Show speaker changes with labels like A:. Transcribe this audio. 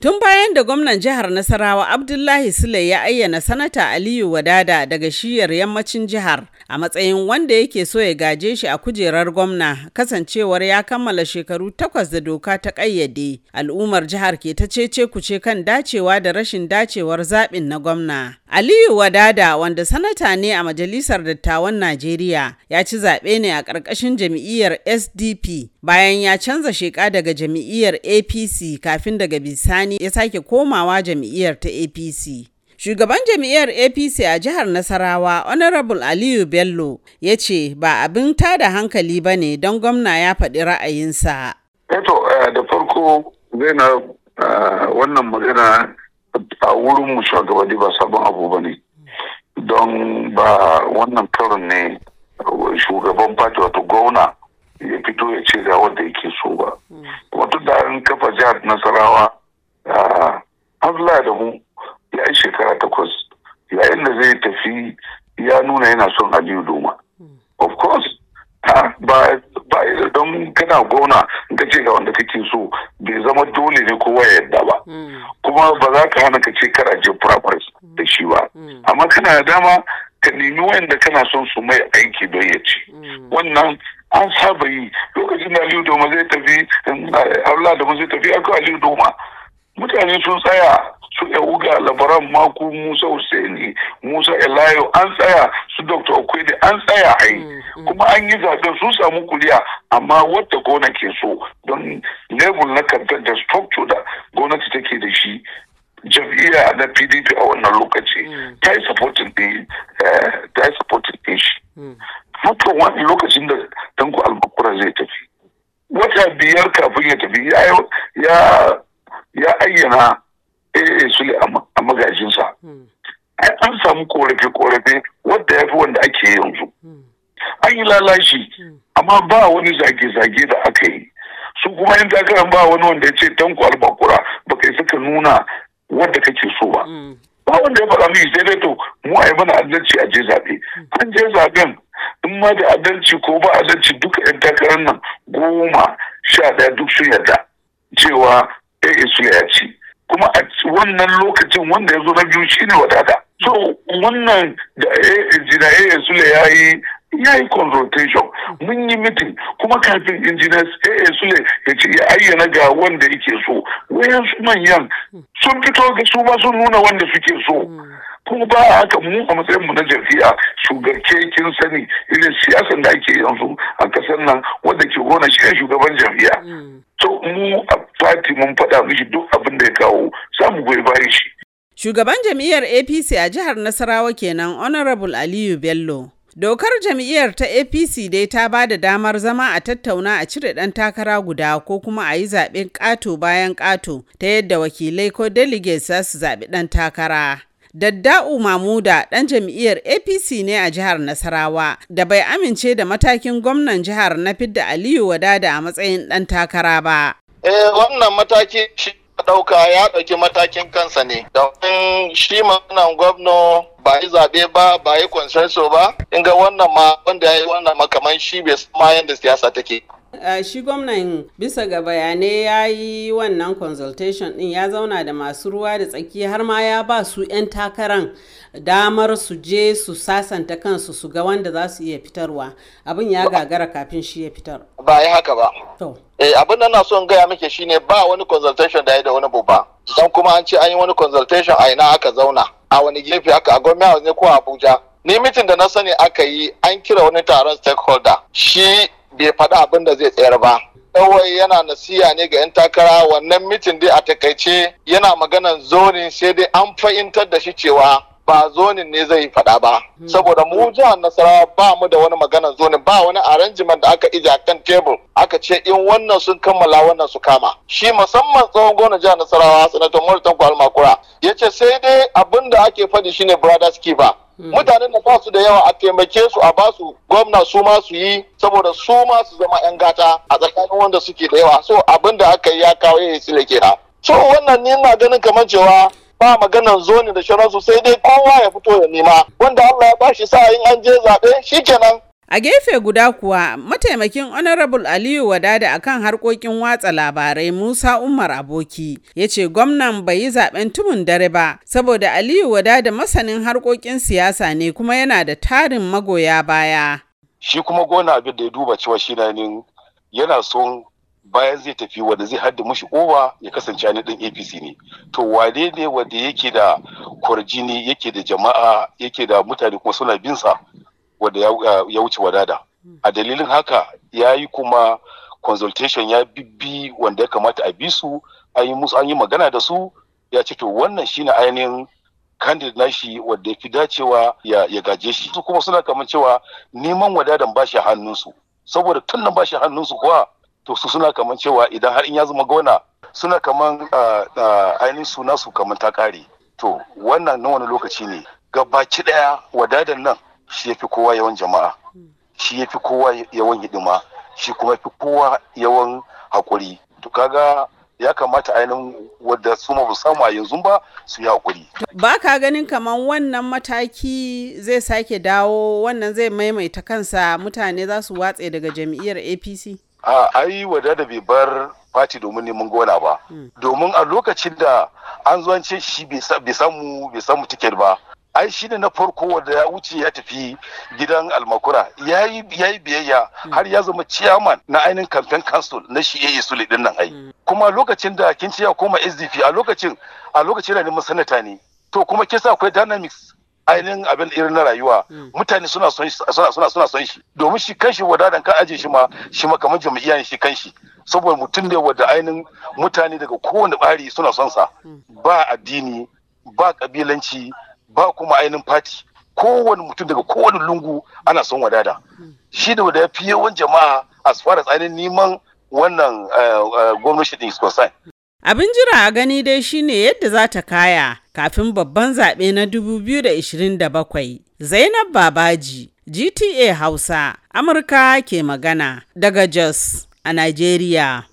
A: Tun bayan da gwamnan jihar Nasarawa Abdullahi Sule ya ayyana Sanata Aliyu Wadada daga shiyar yammacin jihar a matsayin wanda yake so ya gaje shi a kujerar gwamna kasancewar ya kammala shekaru takwas da doka ta ƙayyade al'ummar jihar ke ta cece kuce kan dacewa da rashin dacewar zaɓin na gwamna. Aliyu Wadada wanda sanata ne a Majalisar Dattawan Najeriya ya ci zaɓe ne a ƙarƙashin jam'iyyar SDP bayan ya canza sheka daga jam'iyyar APC kafin daga bisani Sani ya sake komawa jam'iyyar ta APC. Shugaban jam'iyyar APC a jihar Nasarawa, Honorable Aliyu Bello, ya ce ba abin tada hankali ba ne don gwamna ya faɗi ra'ayinsa. Eto,
B: eh eh, da farko zai na eh, wannan magana a wurinmu shugabanni ba sabon abu ba ne. Don ba wannan karin ne shugaban fati wato gwamna ya fito ya ce ga wanda yake so ba. Wato da an kafa jihar Nasarawa Abdullahi da mu ya yi shekara takwas yayin da zai tafi ya nuna yana son Aliyu Doma. Of course, ba don kana gona da ce ga wanda kake so bai zama dole ne kowa ya yadda ba. Kuma ba za ka hana ka ce kara je progress da shi ba. Amma kana da dama ka nemi wanda kana son su mai aiki don ya ci. Wannan an saba yi lokacin da Aliyu Doma zai tafi, eh, Allah da zai tafi aka Aliyu Doma. mutane sun tsaya su ya yahuga labaran maku musa husaini musa elayo an tsaya su dr okwede an tsaya ai mm, mm. kuma an yi zaben sun samu kuliya amma wadda gona ke so don level na kantar da structure da gwamnati take da shi jam'iyya na pdp a wannan lokaci mm. ta yi supportin an samu korafe-korafe wadda ya fi wanda ake yanzu an yi lalashi amma ba wani zage-zage da aka yi su kuma yin takarar ba wani wanda ya ce tanku albakura ba kai suka nuna wadda kake so ba ba wanda ya faɗa mai sai dai to mu a yi mana adalci a je zaɓe an je zaɓen in ma da adalci ko ba adalci duka yan takarar nan goma sha ɗaya duk sun yarda cewa AA su ya ci kuma a wannan lokacin wanda ya zo na biyu shi shine wadata so wannan da engineer sule ya yi ya yi consultation mun yi meeting kuma kafin engineer AA sule ya ce ya ayyana ga wanda yake so wayan su manyan sun fito ga su ba sun nuna wanda suke so kuma ba haka mu a matsayin mu na jafiya shugarke kin sani irin siyasan da ake yanzu a kasar nan wanda ke gona shi shugaban jafiya to mm. mu a fati mun faɗa mishi duk abin da ya kawo samu goyi bayan shi.
A: Shugaban jam'iyyar APC a jihar Nasarawa kenan Honorable Aliyu Bello. Dokar jam'iyyar ta APC dai ta ba da damar zama a tattauna a cire ɗan takara guda ko kuma a yi zaɓen ƙato bayan ƙato ta yadda wakilai ko delegates za su zaɓi ɗan takara. Dadda'u Mamuda ɗan jam'iyyar APC ne a jihar Nasarawa da bai amince da matakin gwamnan jihar na fidda Aliyu Wadada a matsayin ɗan takara ba.
C: Eh wannan mataki shi ɗauka ya ɗauki matakin kansa ne domin shi wannan gwamno ba yi zaɓe ba ba yi consenso ba in ga wannan ma wanda ya yi wannan makaman shi bai ma yadda siyasa
A: take Uh, shi gwamnan bisa ga bayanai ya yi wannan consultation ɗin, ya zauna da masu ruwa da tsaki har ma ya ba su 'yan takaran damar su je su sasanta kansu su ga wanda za su iya fitarwa abin ya gagara kafin shi ya fitar
C: ba ya haka ba eh, abin da na son gaya muke shine ba wani consultation da ya da wani babba dan kuma an ce an yi wani consultation a ina aka zauna a wani gefe aka a gwamnati ne ko Abuja ni mitin da na sani aka yi an kira wani taron stakeholder shi bai faɗi abin da zai tsayar ba kawai yana nasiya ne ga 'yan takara wannan mitin dai a takaice yana maganan zonin sai dai an fahimtar da shi cewa ba zonin ne zai faɗa ba hmm. saboda mu jihar nasarawa ba mu da wani magana zonin ba wani arrangement da aka ija kan tebur aka ce in wannan sun kammala wannan su kama shi musamman tsawon gona jihar nasarawa sanatar murtan kwal makura ya ce sai dai abin da ake faɗi shine brothers kiba hmm. mutanen da ba su da yawa a taimake su a ba su gwamna su ma su yi saboda su ma su zama 'yan gata a tsakanin wanda suke da yawa so abin da aka yi ya kawo ya yi sile kenan so wannan
A: ni na ganin kamar cewa ba maganan zoni da shiransu sai dai kowa ya fito ya nema wanda Allah ya bashi sa yin an je zaɓe kenan. A gefe guda kuwa mataimakin Honorable Aliyu Wadada akan harkokin watsa labarai Musa Umar Aboki ya ce gwamnan bai yi zaɓen tumun dare ba saboda Aliyu Wadada masanin harkokin siyasa ne kuma yana da tarin magoya baya.
D: Shi kuma gona abin da ya duba cewa shi yana son bayan zai tafi wanda zai hadda mushi kowa ya kasance ni dan apc ne to wane ne wanda yake da kwarjini yake da jama'a yake da mutane kuma suna binsa wanda ya wuce wadada a dalilin haka ya yi kuma consultation ya bibbi wanda ya kamata a bi su an yi musu an yi magana da su ya ce to wannan shine ainihin candidate nashi wanda ya fi dacewa ya gaje shi su kuma suna kamar cewa neman wadadan bashi hannunsu saboda tun nan bashi hannunsu kuwa to su suna kaman cewa idan har in ya zama gona suna kaman ah, ah, ainihin suna su kaman ta kare to wannan na wani lokaci ne gabaki daya wadadan nan shi ya fi kowa yawan jama'a shi ya fi kowa yawan hidima shi kuma fi kowa yawan haƙuri to kaga ya kamata ainihin wadda su ma samu a yanzu ba su yi haƙuri.
A: Ba ka ganin kamar wannan mataki zai sake dawo wannan zai maimaita kansa mutane za su watse daga jam'iyyar APC?
D: a ai da bai bar fati domin neman gona ba hmm. domin a lokacin da an zo shi bai samu bai samu tiket ba ai shi ne na farko wanda ya wuce ya tafi gidan almakura ya yi biyayya hmm. har ya zama ciyaman na ainihin kamfen council na shi yayi sule din nan ai hmm. kuma lokacin da kin ci ya koma sdp a lokacin a lokacin da neman sanata ne to kuma kisa akwai dynamics ainihin abin irin na rayuwa mm. mutane suna son shi suna suna son shi domin shi kanshi wadadan ka aje shi ma shi ma kamar jami'a shi kanshi saboda mutum ne wanda ainihin mutane daga kowane bari suna son sa mm. ba addini ba kabilanci ba kuma ainihin fati kowane mutum daga kowane lungu ana son wadada mm. shi da ya fi yawan jama'a as far as ainihin neman wannan eh, eh, gwamnati din is
A: Abin jira a gani dai shine yadda za ta kaya kafin babban zaɓe na 2027. Zainab Babaji, GTA Hausa, Amurka ke magana daga Jos a Najeriya.